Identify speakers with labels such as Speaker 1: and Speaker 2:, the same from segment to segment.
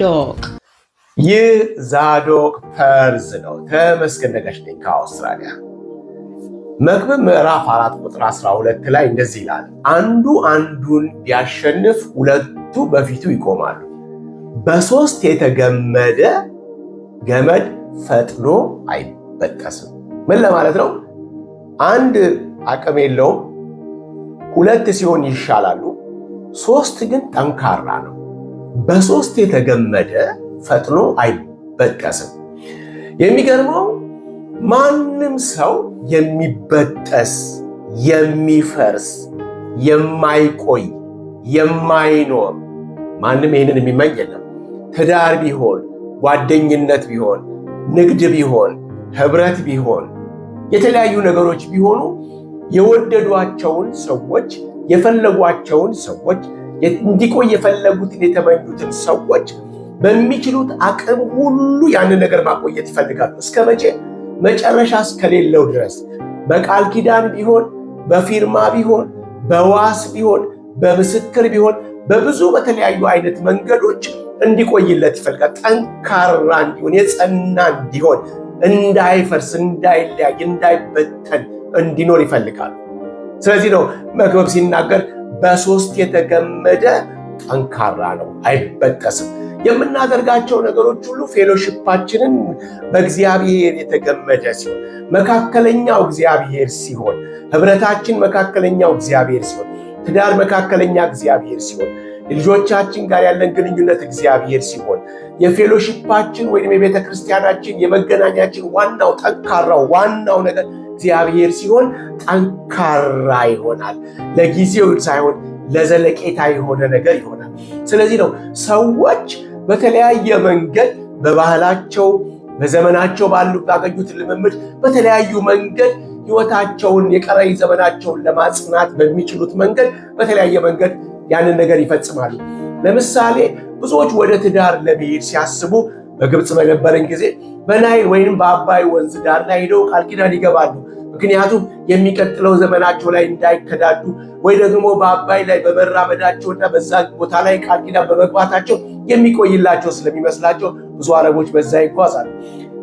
Speaker 1: ዛዶቅ ይህ ዛዶቅ ፐርዝ ነው። ተመስገን ነጋሽ ነኝ ከአውስትራሊያ። መክብብ ምዕራፍ አራት ቁጥር 12 ላይ እንደዚህ ይላል፣ አንዱ አንዱን ቢያሸንፍ ሁለቱ በፊቱ ይቆማሉ። በሶስት የተገመደ ገመድ ፈጥኖ አይበጠስም። ምን ለማለት ነው? አንድ አቅም የለውም፣ ሁለት ሲሆን ይሻላሉ፣ ሶስት ግን ጠንካራ ነው። በሶስት የተገመደ ፈጥኖ አይበጠስም። የሚገርመው ማንም ሰው የሚበጠስ የሚፈርስ የማይቆይ የማይኖር ማንም ይህንን የሚመኝ የለም። ትዳር ቢሆን ጓደኝነት ቢሆን ንግድ ቢሆን ህብረት ቢሆን የተለያዩ ነገሮች ቢሆኑ የወደዷቸውን ሰዎች የፈለጓቸውን ሰዎች እንዲቆይ የፈለጉትን የተመኙትን ሰዎች በሚችሉት አቅም ሁሉ ያንን ነገር ማቆየት ይፈልጋሉ። እስከ መቼ? መጨረሻ እስከሌለው ድረስ በቃል ኪዳን ቢሆን፣ በፊርማ ቢሆን፣ በዋስ ቢሆን፣ በምስክር ቢሆን፣ በብዙ በተለያዩ አይነት መንገዶች እንዲቆይለት ይፈልጋል። ጠንካራ እንዲሆን፣ የጸና እንዲሆን፣ እንዳይፈርስ፣ እንዳይለያይ፣ እንዳይበተን እንዲኖር ይፈልጋል። ስለዚህ ነው መክብብ ሲናገር በሶስት የተገመደ ጠንካራ ነው፣ አይበጠስም። የምናደርጋቸው ነገሮች ሁሉ ፌሎሽፓችንን በእግዚአብሔር የተገመደ ሲሆን መካከለኛው እግዚአብሔር ሲሆን ህብረታችን መካከለኛው እግዚአብሔር ሲሆን ትዳር መካከለኛ እግዚአብሔር ሲሆን ልጆቻችን ጋር ያለን ግንኙነት እግዚአብሔር ሲሆን የፌሎሽፓችን ወይም የቤተ ክርስቲያናችን የመገናኛችን ዋናው ጠንካራው ዋናው ነገር እግዚአብሔር ሲሆን ጠንካራ ይሆናል። ለጊዜው ሳይሆን ለዘለቄታ የሆነ ነገር ይሆናል። ስለዚህ ነው ሰዎች በተለያየ መንገድ በባህላቸው በዘመናቸው ባሉ ባገኙት ልምምድ በተለያዩ መንገድ ህይወታቸውን የቀረኝ ዘመናቸውን ለማጽናት በሚችሉት መንገድ በተለያየ መንገድ ያንን ነገር ይፈጽማሉ። ለምሳሌ ብዙዎች ወደ ትዳር ለመሄድ ሲያስቡ በግብፅ በነበረን ጊዜ በናይል ወይም በአባይ ወንዝ ዳር ላይ ሄደው ቃል ኪዳን ይገባሉ። ምክንያቱም የሚቀጥለው ዘመናቸው ላይ እንዳይከዳዱ ወይ ደግሞ በአባይ ላይ በመራመዳቸውና በዛ ቦታ ላይ ቃል ኪዳን በመግባታቸው የሚቆይላቸው ስለሚመስላቸው ብዙ አረቦች በዛ ይጓዛሉ።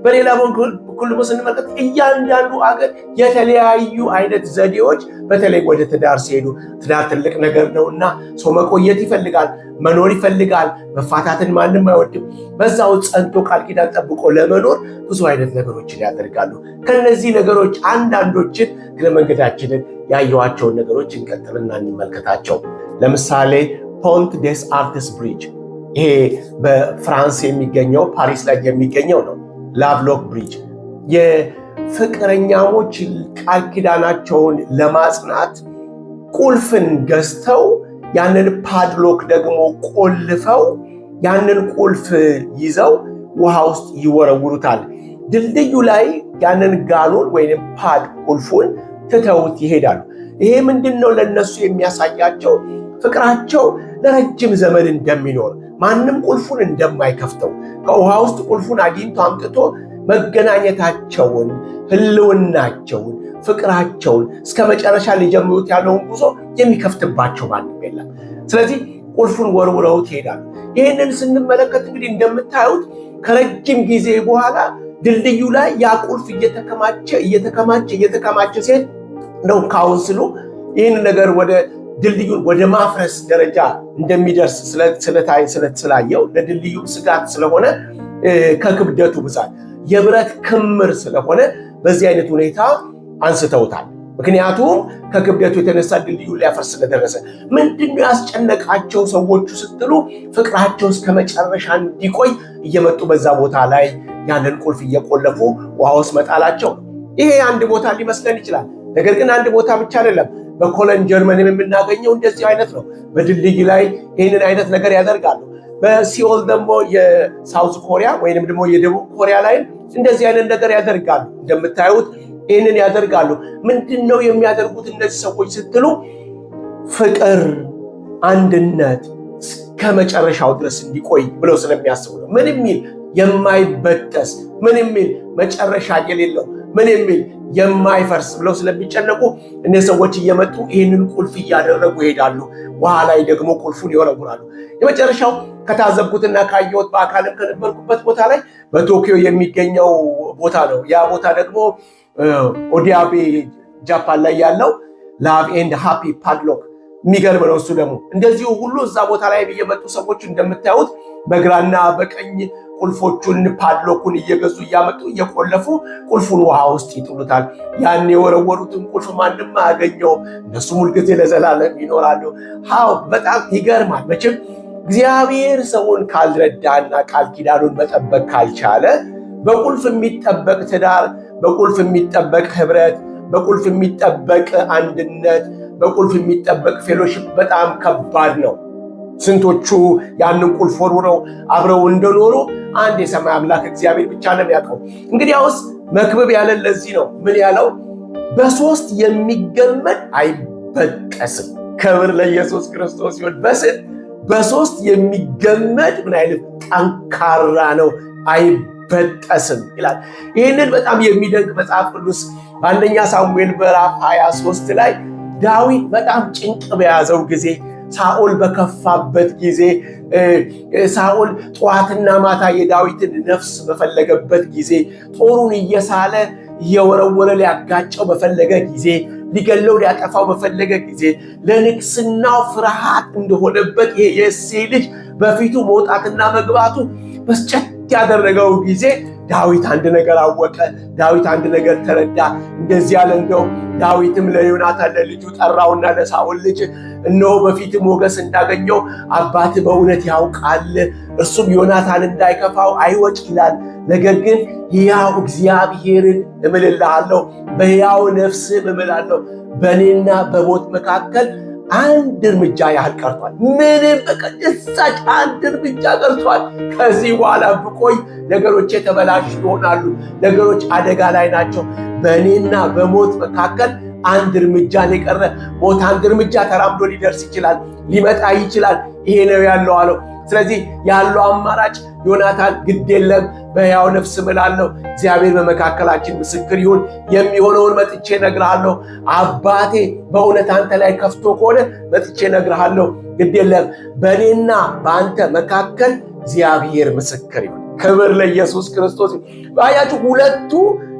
Speaker 1: በሌላ በኩል ደግሞ ስንመለከት እያንዳንዱ አገር የተለያዩ አይነት ዘዴዎች በተለይ ወደ ትዳር ሲሄዱ ትዳር ትልቅ ነገር ነው እና ሰው መቆየት ይፈልጋል፣ መኖር ይፈልጋል። መፋታትን ማንም አይወድም። በዛው ጸንቶ ቃል ኪዳን ጠብቆ ለመኖር ብዙ አይነት ነገሮችን ያደርጋሉ። ከነዚህ ነገሮች አንዳንዶችን እግረ መንገዳችንን ያየኋቸውን ነገሮች እንቀጥልና እንመልከታቸው። ለምሳሌ ፖንት ዴስ አርትስ ብሪጅ ይሄ በፍራንስ የሚገኘው ፓሪስ ላይ የሚገኘው ነው። ላቭሎክ ብሪጅ የፍቅረኛሞች ቃል ኪዳናቸውን ለማጽናት ቁልፍን ገዝተው ያንን ፓድሎክ ደግሞ ቆልፈው ያንን ቁልፍ ይዘው ውሃ ውስጥ ይወረውሩታል። ድልድዩ ላይ ያንን ጋሎን ወይም ፓድ ቁልፉን ትተውት ይሄዳሉ። ይሄ ምንድን ነው ለእነሱ የሚያሳያቸው? ፍቅራቸው ለረጅም ዘመን እንደሚኖር ማንም ቁልፉን እንደማይከፍተው ከውሃ ውስጥ ቁልፉን አግኝቶ አምጥቶ መገናኘታቸውን፣ ህልውናቸውን፣ ፍቅራቸውን እስከ መጨረሻ ሊጀምሩት ያለውን ጉዞ የሚከፍትባቸው ማንም የለም። ስለዚህ ቁልፉን ወርውረውት ይሄዳሉ። ይህንን ስንመለከት እንግዲህ እንደምታዩት ከረጅም ጊዜ በኋላ ድልድዩ ላይ ያ ቁልፍ እየተከማቸ እየተከማቸ እየተከማቸ ሴት ነው ካውንስሉ ይህን ነገር ወደ ድልድዩን ወደ ማፍረስ ደረጃ እንደሚደርስ ስለታይ ስላየው ለድልድዩ ስጋት ስለሆነ ከክብደቱ ብዛት የብረት ክምር ስለሆነ በዚህ አይነት ሁኔታ አንስተውታል። ምክንያቱም ከክብደቱ የተነሳ ድልድዩ ሊያፈርስ ስለደረሰ ምንድን ያስጨነቃቸው ሰዎቹ ስትሉ ፍቅራቸው እስከ መጨረሻ እንዲቆይ እየመጡ በዛ ቦታ ላይ ያንን ቁልፍ እየቆለፉ ውሃ ውስጥ መጣላቸው። ይሄ አንድ ቦታ ሊመስለን ይችላል። ነገር ግን አንድ ቦታ ብቻ አይደለም። በኮለን ጀርመንም የምናገኘው እንደዚህ አይነት ነው። በድልድይ ላይ ይህንን አይነት ነገር ያደርጋሉ። በሲኦል ደግሞ የሳውዝ ኮሪያ ወይንም ደግሞ የደቡብ ኮሪያ ላይም እንደዚህ አይነት ነገር ያደርጋሉ። እንደምታዩት ይህንን ያደርጋሉ። ምንድን ነው የሚያደርጉት እነዚህ ሰዎች ስትሉ፣ ፍቅር አንድነት እስከ መጨረሻው ድረስ እንዲቆይ ብለው ስለሚያስቡ ነው። ምን የሚል የማይበጠስ ምን የሚል መጨረሻ የሌለው ምን የሚል የማይፈርስ ብለው ስለሚጨነቁ እኔ ሰዎች እየመጡ ይህንን ቁልፍ እያደረጉ ይሄዳሉ። ውሃ ላይ ደግሞ ቁልፉን ይወረውራሉ። የመጨረሻው ከታዘብኩትና ካየሁት በአካልም ከነበርኩበት ቦታ ላይ በቶኪዮ የሚገኘው ቦታ ነው። ያ ቦታ ደግሞ ኦዲያቤ ጃፓን ላይ ያለው ላቭ ኤንድ ሃፒ ፓድሎክ የሚገርም ነው። እሱ ደግሞ እንደዚሁ ሁሉ እዛ ቦታ ላይ የመጡ ሰዎች እንደምታዩት በግራና በቀኝ ቁልፎቹን ፓድሎኩን እየገዙ እያመጡ እየቆለፉ ቁልፉን ውሃ ውስጥ ይጥሉታል። ያን የወረወሩትን ቁልፍ ማንም አያገኘውም። እነሱ ሁልጊዜ ለዘላለም ይኖራሉ። ሀው በጣም ይገርማል። መቼም እግዚአብሔር ሰውን ካልረዳና ቃል ኪዳኑን መጠበቅ ካልቻለ በቁልፍ የሚጠበቅ ትዳር፣ በቁልፍ የሚጠበቅ ህብረት፣ በቁልፍ የሚጠበቅ አንድነት፣ በቁልፍ የሚጠበቅ ፌሎሽፕ በጣም ከባድ ነው። ስንቶቹ ያንን ቁልፍ ወርውረው አብረው እንደኖሩ አንድ የሰማይ አምላክ እግዚአብሔር ብቻ ነው የሚያውቀው። እንግዲያውስ መክብብ ያለ ለዚህ ነው። ምን ያለው? በሶስት የሚገመድ አይበጠስም። ክብር ለኢየሱስ ክርስቶስ ሲሆን በስል በሶስት የሚገመድ ምን አይነት ጠንካራ ነው አይበጠስም ይላል። ይህንን በጣም የሚደንቅ መጽሐፍ ቅዱስ በአንደኛ ሳሙኤል ምዕራፍ 23 ላይ ዳዊት በጣም ጭንቅ በያዘው ጊዜ ሳኦል በከፋበት ጊዜ ሳኦል ጠዋትና ማታ የዳዊትን ነፍስ በፈለገበት ጊዜ ጦሩን እየሳለ እየወረወረ ሊያጋጨው በፈለገ ጊዜ ሊገለው ሊያጠፋው በፈለገ ጊዜ ለንግስናው ፍርሃት እንደሆነበት ይሄ የእሴይ ልጅ በፊቱ መውጣትና መግባቱ በስጨት ያደረገው ጊዜ ዳዊት አንድ ነገር አወቀ። ዳዊት አንድ ነገር ተረዳ። እንደዚህ ያለ እንደው ዳዊትም ለዮናታን ለልጁ ጠራውና ለሳውል ልጅ እነሆ በፊት ሞገስ እንዳገኘው አባት በእውነት ያውቃል፣ እርሱም ዮናታን እንዳይከፋው አይወቅ ይላል። ነገር ግን ሕያው እግዚአብሔርን እምልልሃለሁ፣ በሕያው ነፍስህም እምላለሁ፣ በእኔና በሞት መካከል አንድ እርምጃ ያህል ቀርቷል። ምንም በቀደሳች አንድ እርምጃ ቀርቷል። ከዚህ በኋላ ብቆይ ነገሮች የተበላሹ ይሆናሉ። ነገሮች አደጋ ላይ ናቸው። በእኔና በሞት መካከል አንድ እርምጃ የቀረ ሞት አንድ እርምጃ ተራምዶ ሊደርስ ይችላል፣ ሊመጣ ይችላል። ይሄ ነው ያለው አለው። ስለዚህ ያለው አማራጭ ዮናታን ግድ የለም በሕያው ነፍስ እምላለሁ፣ እግዚአብሔር በመካከላችን ምስክር ይሁን፣ የሚሆነውን መጥቼ እነግርሃለሁ። አባቴ በእውነት አንተ ላይ ከፍቶ ከሆነ መጥቼ እነግርሃለሁ። ግድ የለም በእኔና በአንተ መካከል እግዚአብሔር ምስክር ይሁን። ክብር ለኢየሱስ ክርስቶስ። አያችሁ ሁለቱ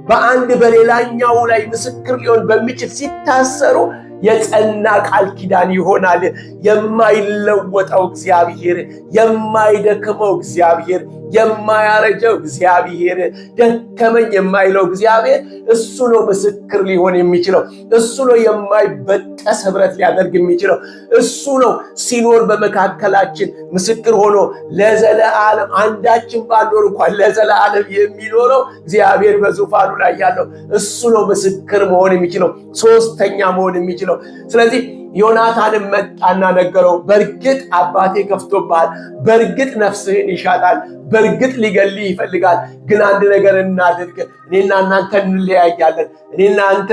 Speaker 1: በአንድ በሌላኛው ላይ ምስክር ሊሆን በሚችል ሲታሰሩ የጸና ቃል ኪዳን ይሆናል። የማይለወጠው እግዚአብሔር፣ የማይደክመው እግዚአብሔር የማያረጀው እግዚአብሔር፣ ደከመኝ የማይለው እግዚአብሔር እሱ ነው ምስክር ሊሆን የሚችለው። እሱ ነው የማይበጠስ ህብረት ሊያደርግ የሚችለው። እሱ ነው ሲኖር በመካከላችን ምስክር ሆኖ ለዘለዓለም አንዳችን ባንኖር እንኳን ለዘለዓለም የሚኖረው እግዚአብሔር በዙፋኑ ላይ ያለው እሱ ነው ምስክር መሆን የሚችለው ሶስተኛ መሆን የሚችለው ስለዚህ ዮናታንም መጣና ነገረው። በእርግጥ አባቴ ከፍቶብሃል፣ በእርግጥ ነፍስህን ይሻታል፣ በእርግጥ ሊገልህ ይፈልጋል። ግን አንድ ነገር እናድርግ፣ እኔና እናንተ እንለያያለን። እኔና አንተ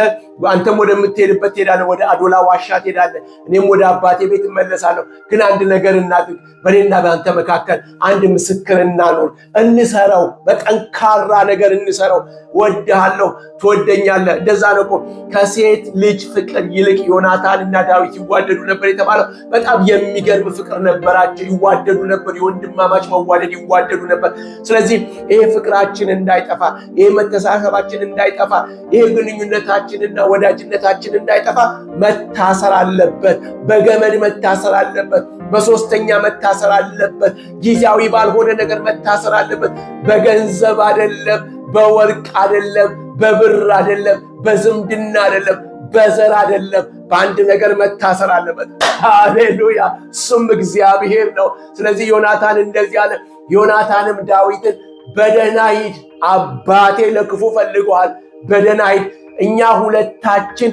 Speaker 1: አንተም ወደምትሄድበት ትሄዳለህ፣ ወደ አዶላ ዋሻ ትሄዳለህ፣ እኔም ወደ አባቴ ቤት እመለሳለሁ። ግን አንድ ነገር እናድርግ፣ በእኔና በአንተ መካከል አንድ ምስክር እናኖር፣ እንሰረው፣ በጠንካራ ነገር እንሰረው። ወድሃለሁ፣ ትወደኛለህ። እንደዛ ነው እኮ ከሴት ልጅ ፍቅር ይልቅ ዮናታን እና ዳዊት መላእክት ይዋደዱ ነበር የተባለው በጣም የሚገርም ፍቅር ነበራቸው። ይዋደዱ ነበር፣ የወንድማማች መዋደድ ይዋደዱ ነበር። ስለዚህ ይሄ ፍቅራችን እንዳይጠፋ፣ ይሄ መተሳሰባችን እንዳይጠፋ፣ ይሄ ግንኙነታችንና ወዳጅነታችን እንዳይጠፋ መታሰር አለበት። በገመድ መታሰር አለበት። በሶስተኛ መታሰር አለበት። ጊዜያዊ ባልሆነ ነገር መታሰር አለበት። በገንዘብ አይደለም፣ በወርቅ አይደለም፣ በብር አይደለም፣ በዝምድና አይደለም በዘር አይደለም፣ በአንድ ነገር መታሰር አለበት። ሃሌሉያ! እሱም እግዚአብሔር ነው። ስለዚህ ዮናታን እንደዚህ አለ። ዮናታንም ዳዊትን በደህና ሂድ፣ አባቴ ለክፉ ፈልገዋል በደህና ሂድ። እኛ ሁለታችን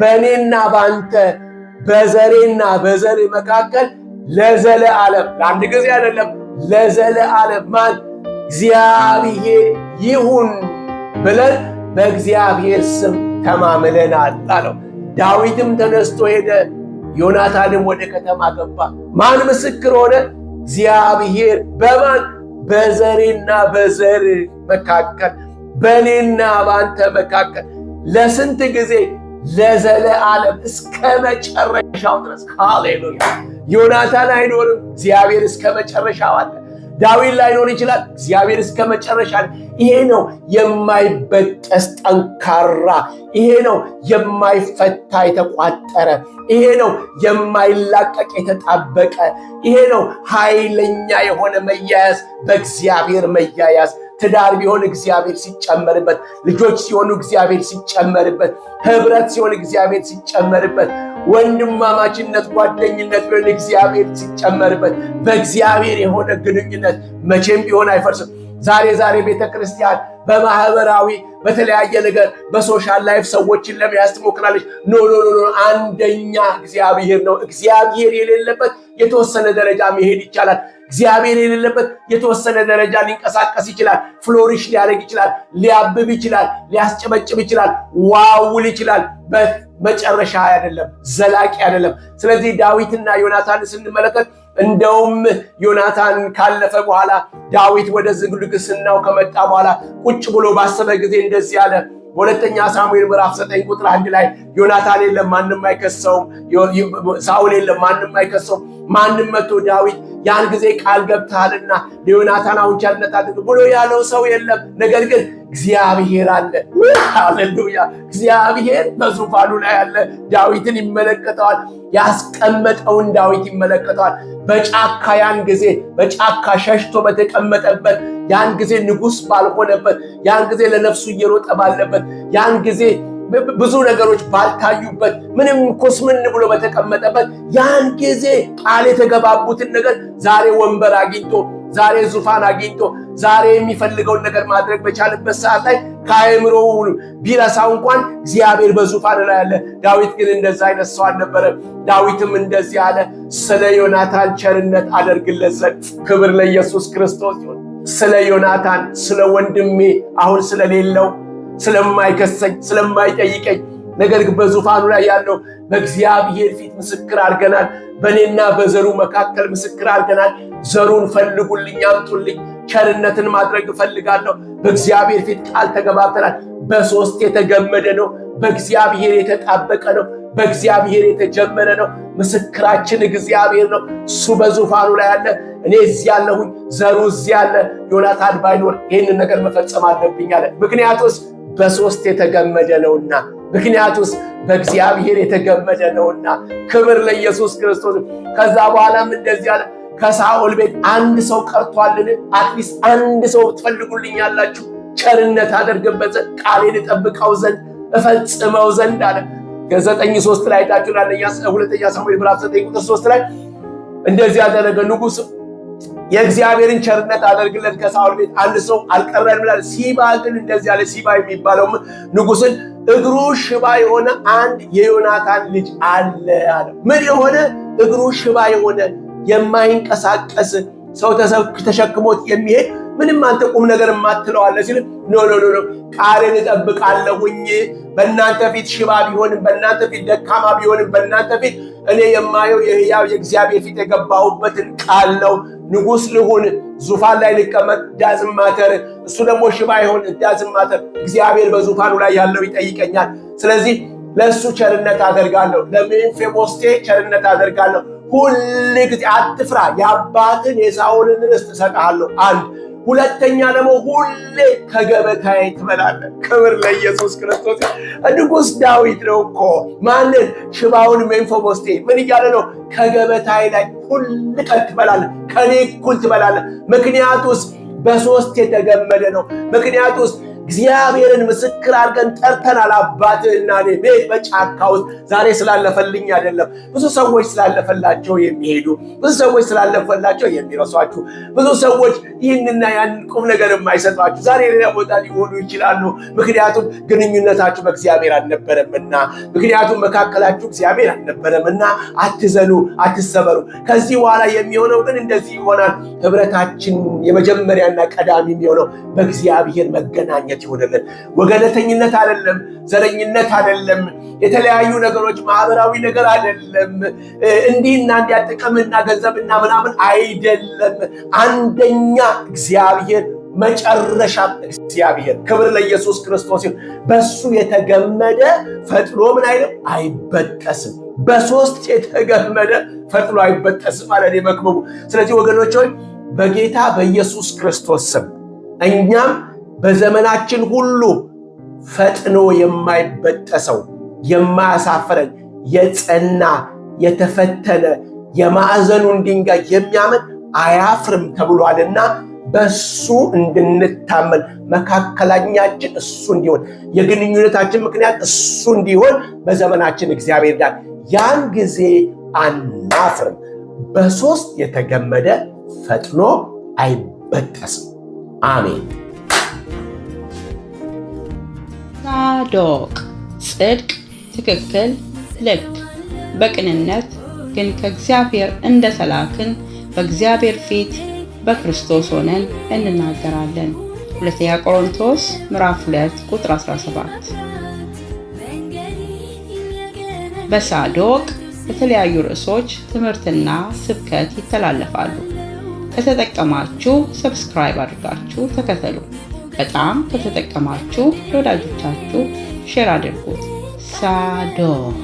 Speaker 1: በእኔና በአንተ በዘሬና በዘሬ መካከል ለዘለ ዓለም ለአንድ ጊዜ አይደለም፣ ለዘለ ዓለም ማን እግዚአብሔር ይሁን ብለን በእግዚአብሔር ስም ተማምለን አጣ ነው። ዳዊትም ተነስቶ ሄደ፣ ዮናታንም ወደ ከተማ ገባ። ማን ምስክር ሆነ? እግዚአብሔር። በማን በዘሬና በዘር መካከል፣ በእኔና በአንተ መካከል ለስንት ጊዜ? ዓለም እስከ መጨረሻው ድረስ። ሃሌሉያ። ዮናታን አይኖርም፣ እግዚአብሔር እስከ መጨረሻው አለ። ዳዊት ላይ ይችላል። እግዚአብሔር እስከ መጨረሻ ይሄ ነው የማይበጠስ ጠንካራ፣ ይሄ ነው የማይፈታ የተቋጠረ፣ ይሄ ነው የማይላቀቅ የተጣበቀ፣ ይሄ ነው ኃይለኛ የሆነ መያያዝ በእግዚአብሔር መያያዝ ትዳር ቢሆን እግዚአብሔር ሲጨመርበት፣ ልጆች ሲሆኑ እግዚአብሔር ሲጨመርበት፣ ህብረት ሲሆን እግዚአብሔር ሲጨመርበት ወንድማማችነት፣ ጓደኝነት እግዚአብሔር ሲጨመርበት በእግዚአብሔር የሆነ ግንኙነት መቼም ቢሆን አይፈርስም። ዛሬ ዛሬ ቤተ ክርስቲያን በማህበራዊ በተለያየ ነገር በሶሻል ላይፍ ሰዎችን ለመያዝ ትሞክራለች። ኖ ኖ ኖ፣ አንደኛ እግዚአብሔር ነው። እግዚአብሔር የሌለበት የተወሰነ ደረጃ መሄድ ይቻላል። እግዚአብሔር የሌለበት የተወሰነ ደረጃ ሊንቀሳቀስ ይችላል። ፍሎሪሽ ሊያደርግ ይችላል። ሊያብብ ይችላል። ሊያስጨበጭብ ይችላል። ዋውል ይችላል። መጨረሻ አይደለም፣ ዘላቂ አይደለም። ስለዚህ ዳዊትና ዮናታን ስንመለከት እንደውም ዮናታን ካለፈ በኋላ ዳዊት ወደ ዝግልግስናው ከመጣ በኋላ ቁጭ ብሎ ባሰበ ጊዜ እንደዚህ አለ። በሁለተኛ ሳሙኤል ምዕራፍ ዘጠኝ ቁጥር አንድ ላይ ዮናታን የለም ማንም አይከሰውም፣ ሳውል የለም ማንም አይከሰውም፣ ማንም መቶ ዳዊት ያን ጊዜ ቃል ገብተሃልና ለዮናታን አሁን ቸርነት ብሎ ያለው ሰው የለም። ነገር ግን እግዚአብሔር አለ። ሃሌሉያ! እግዚአብሔር በዙፋኑ ላይ አለ። ዳዊትን ይመለከተዋል። ያስቀመጠውን ዳዊት ይመለከተዋል። በጫካ ያን ጊዜ በጫካ ሸሽቶ በተቀመጠበት ያን ጊዜ ንጉሥ ባልሆነበት ያን ጊዜ ለነፍሱ እየሮጠ ባለበት ያን ጊዜ ብዙ ነገሮች ባልታዩበት ምንም ኮስምን ብሎ በተቀመጠበት ያን ጊዜ ቃል የተገባቡትን ነገር ዛሬ ወንበር አግኝቶ ዛሬ ዙፋን አግኝቶ ዛሬ የሚፈልገውን ነገር ማድረግ በቻለበት ሰዓት ላይ ከአእምሮ ቢረሳው እንኳን እግዚአብሔር በዙፋን ላይ አለ። ዳዊት ግን እንደዛ አይነት ሰው አልነበረ። ዳዊትም እንደዚህ አለ፣ ስለ ዮናታን ቸርነት አደርግለት ዘንድ ክብር ለኢየሱስ ክርስቶስ ይሁን። ስለ ዮናታን ስለ ወንድሜ አሁን ስለሌለው ስለማይከሰኝ ስለማይጠይቀኝ ነገር ግን በዙፋኑ ላይ ያለው በእግዚአብሔር ፊት ምስክር አድርገናል። በእኔና በዘሩ መካከል ምስክር አድርገናል። ዘሩን ፈልጉልኝ፣ አምጡልኝ። ቸርነትን ማድረግ እፈልጋለሁ። በእግዚአብሔር ፊት ቃል ተገባብተናል። በሶስት የተገመደ ነው። በእግዚአብሔር የተጣበቀ ነው። በእግዚአብሔር የተጀመረ ነው። ምስክራችን እግዚአብሔር ነው። እሱ በዙፋኑ ላይ ያለ፣ እኔ እዚህ ያለሁኝ፣ ዘሩ እዚህ ያለ። ዮናታን ባይኖር ይህንን ነገር መፈጸም አለብኝ አለ። ምክንያቱስ በሶስት የተገመደ ነውና፣ ምክንያቱስ በእግዚአብሔር የተገመደ ነውና። ክብር ለኢየሱስ ክርስቶስ። ከዛ በኋላም እንደዚህ አለ፣ ከሳኦል ቤት አንድ ሰው ቀርቷልን? አትሊስ አንድ ሰው ትፈልጉልኝ ያላችሁ ቸርነት አደርግበት ዘንድ ቃሌን እጠብቀው ዘንድ እፈጽመው ዘንድ አለ። ከዘጠኝ ሶስት ላይ ታችሁና ሁለተኛ ሳሙኤል ምዕራፍ ዘጠኝ ቁጥር ሶስት ላይ እንደዚህ ያደረገ ንጉሥ የእግዚአብሔርን ቸርነት አደርግለት ከሳውል ቤት አንድ ሰው አልቀረን ብላል። ሲባ ግን እንደዚህ ያለ ሲባ የሚባለውም ንጉስን እግሩ ሽባ የሆነ አንድ የዮናታን ልጅ አለ አለ። ምን የሆነ እግሩ ሽባ የሆነ የማይንቀሳቀስ ሰው ተሸክሞት የሚሄድ ምንም አንተ ቁም ነገር የማትለዋለ ሲል ኖ ኖ ኖ ቃልን እጠብቃለሁኝ። በእናንተ ፊት ሽባ ቢሆንም፣ በእናንተ ፊት ደካማ ቢሆንም፣ በእናንተ ፊት እኔ የማየው የህያው የእግዚአብሔር ፊት የገባሁበትን ቃል ነው ንጉሥ ልሁን፣ ዙፋን ላይ ልቀመጥ ዳዝም ማተር እሱ ደግሞ ሽባ ይሆን ዳዝም ማተር እግዚአብሔር በዙፋኑ ላይ ያለው ይጠይቀኛል። ስለዚህ ለእሱ ቸርነት አደርጋለሁ፣ ለሜምፊቦስቴ ቸርነት አደርጋለሁ። ሁል ጊዜ አትፍራ፣ የአባትን የሳውልን ርስት እሰጥሃለሁ። አንድ ሁለተኛ ደግሞ ሁሌ ከገበታዬ ትበላለህ። ክብር ለኢየሱስ ክርስቶስ። ንጉሥ ዳዊት ነው እኮ ማንን ሽባውን ሜንፎቦስቴ ምን እያለ ነው? ከገበታዬ ላይ ሁል ቀን ትበላለህ፣ ከኔ እኩል ትበላለህ። ምክንያቱስ በሶስት የተገመደ ነው። ምክንያቱስ እግዚአብሔርን ምስክር አድርገን ጠርተናል። አባትህና እኔ ቤት በጫካ ውስጥ ዛሬ ስላለፈልኝ አይደለም። ብዙ ሰዎች ስላለፈላቸው የሚሄዱ ብዙ ሰዎች ስላለፈላቸው የሚረሷችሁ ብዙ ሰዎች ይህንና ያንን ቁም ነገር የማይሰጧችሁ ዛሬ ሌላ ቦታ ሊሆኑ ይችላሉ። ምክንያቱም ግንኙነታችሁ በእግዚአብሔር አልነበረምና፣ ምክንያቱም መካከላችሁ እግዚአብሔር አልነበረምና። አትዘኑ፣ አትሰበሩ። ከዚህ በኋላ የሚሆነው ግን እንደዚህ ይሆናል። ህብረታችን የመጀመሪያና ቀዳሚ የሚሆነው በእግዚአብሔር መገናኘት በረከት ይሆነለን። ወገለተኝነት አይደለም፣ ዘረኝነት አይደለም፣ የተለያዩ ነገሮች ማህበራዊ ነገር አይደለም። እንዲህና እንዲያ ጥቅምና ገንዘብና ምናምን አይደለም። አንደኛ እግዚአብሔር መጨረሻ እግዚአብሔር ክብር ለኢየሱስ ክርስቶስ ይሁን። በሱ የተገመደ ፈጥኖ ምን አይልም አይበጠስም። በሶስት የተገመደ ፈጥኖ አይበጠስም ማለት መክበቡ። ስለዚህ ወገኖች ሆይ በጌታ በኢየሱስ ክርስቶስ ስም እኛም በዘመናችን ሁሉ ፈጥኖ የማይበጠሰው የማያሳፍረን የጸና የተፈተነ የማዕዘኑን ድንጋይ የሚያምን አያፍርም ተብሏልና በሱ እንድንታመን መካከላኛችን እሱ እንዲሆን የግንኙነታችን ምክንያት እሱ እንዲሆን በዘመናችን እግዚአብሔር ጋር ያን ጊዜ አናፍርም። በሶስት የተገመደ ፈጥኖ አይበጠስም። አሜን።
Speaker 2: ጻዶቅ ጽድቅ፣ ትክክል፣ ልክ፣ በቅንነት ግን ከእግዚአብሔር እንደ ተላክን በእግዚአብሔር ፊት በክርስቶስ ሆነን እንናገራለን። ሁለተኛ ቆሮንቶስ ምዕራፍ 2 ቁጥር 17። በሳዶቅ የተለያዩ ርዕሶች ትምህርትና ስብከት ይተላለፋሉ። ከተጠቀማችሁ ሰብስክራይብ አድርጋችሁ ተከተሉ። በጣም ከተጠቀማችሁ ለወዳጆቻችሁ ሼር አድርጉት። ሳዶም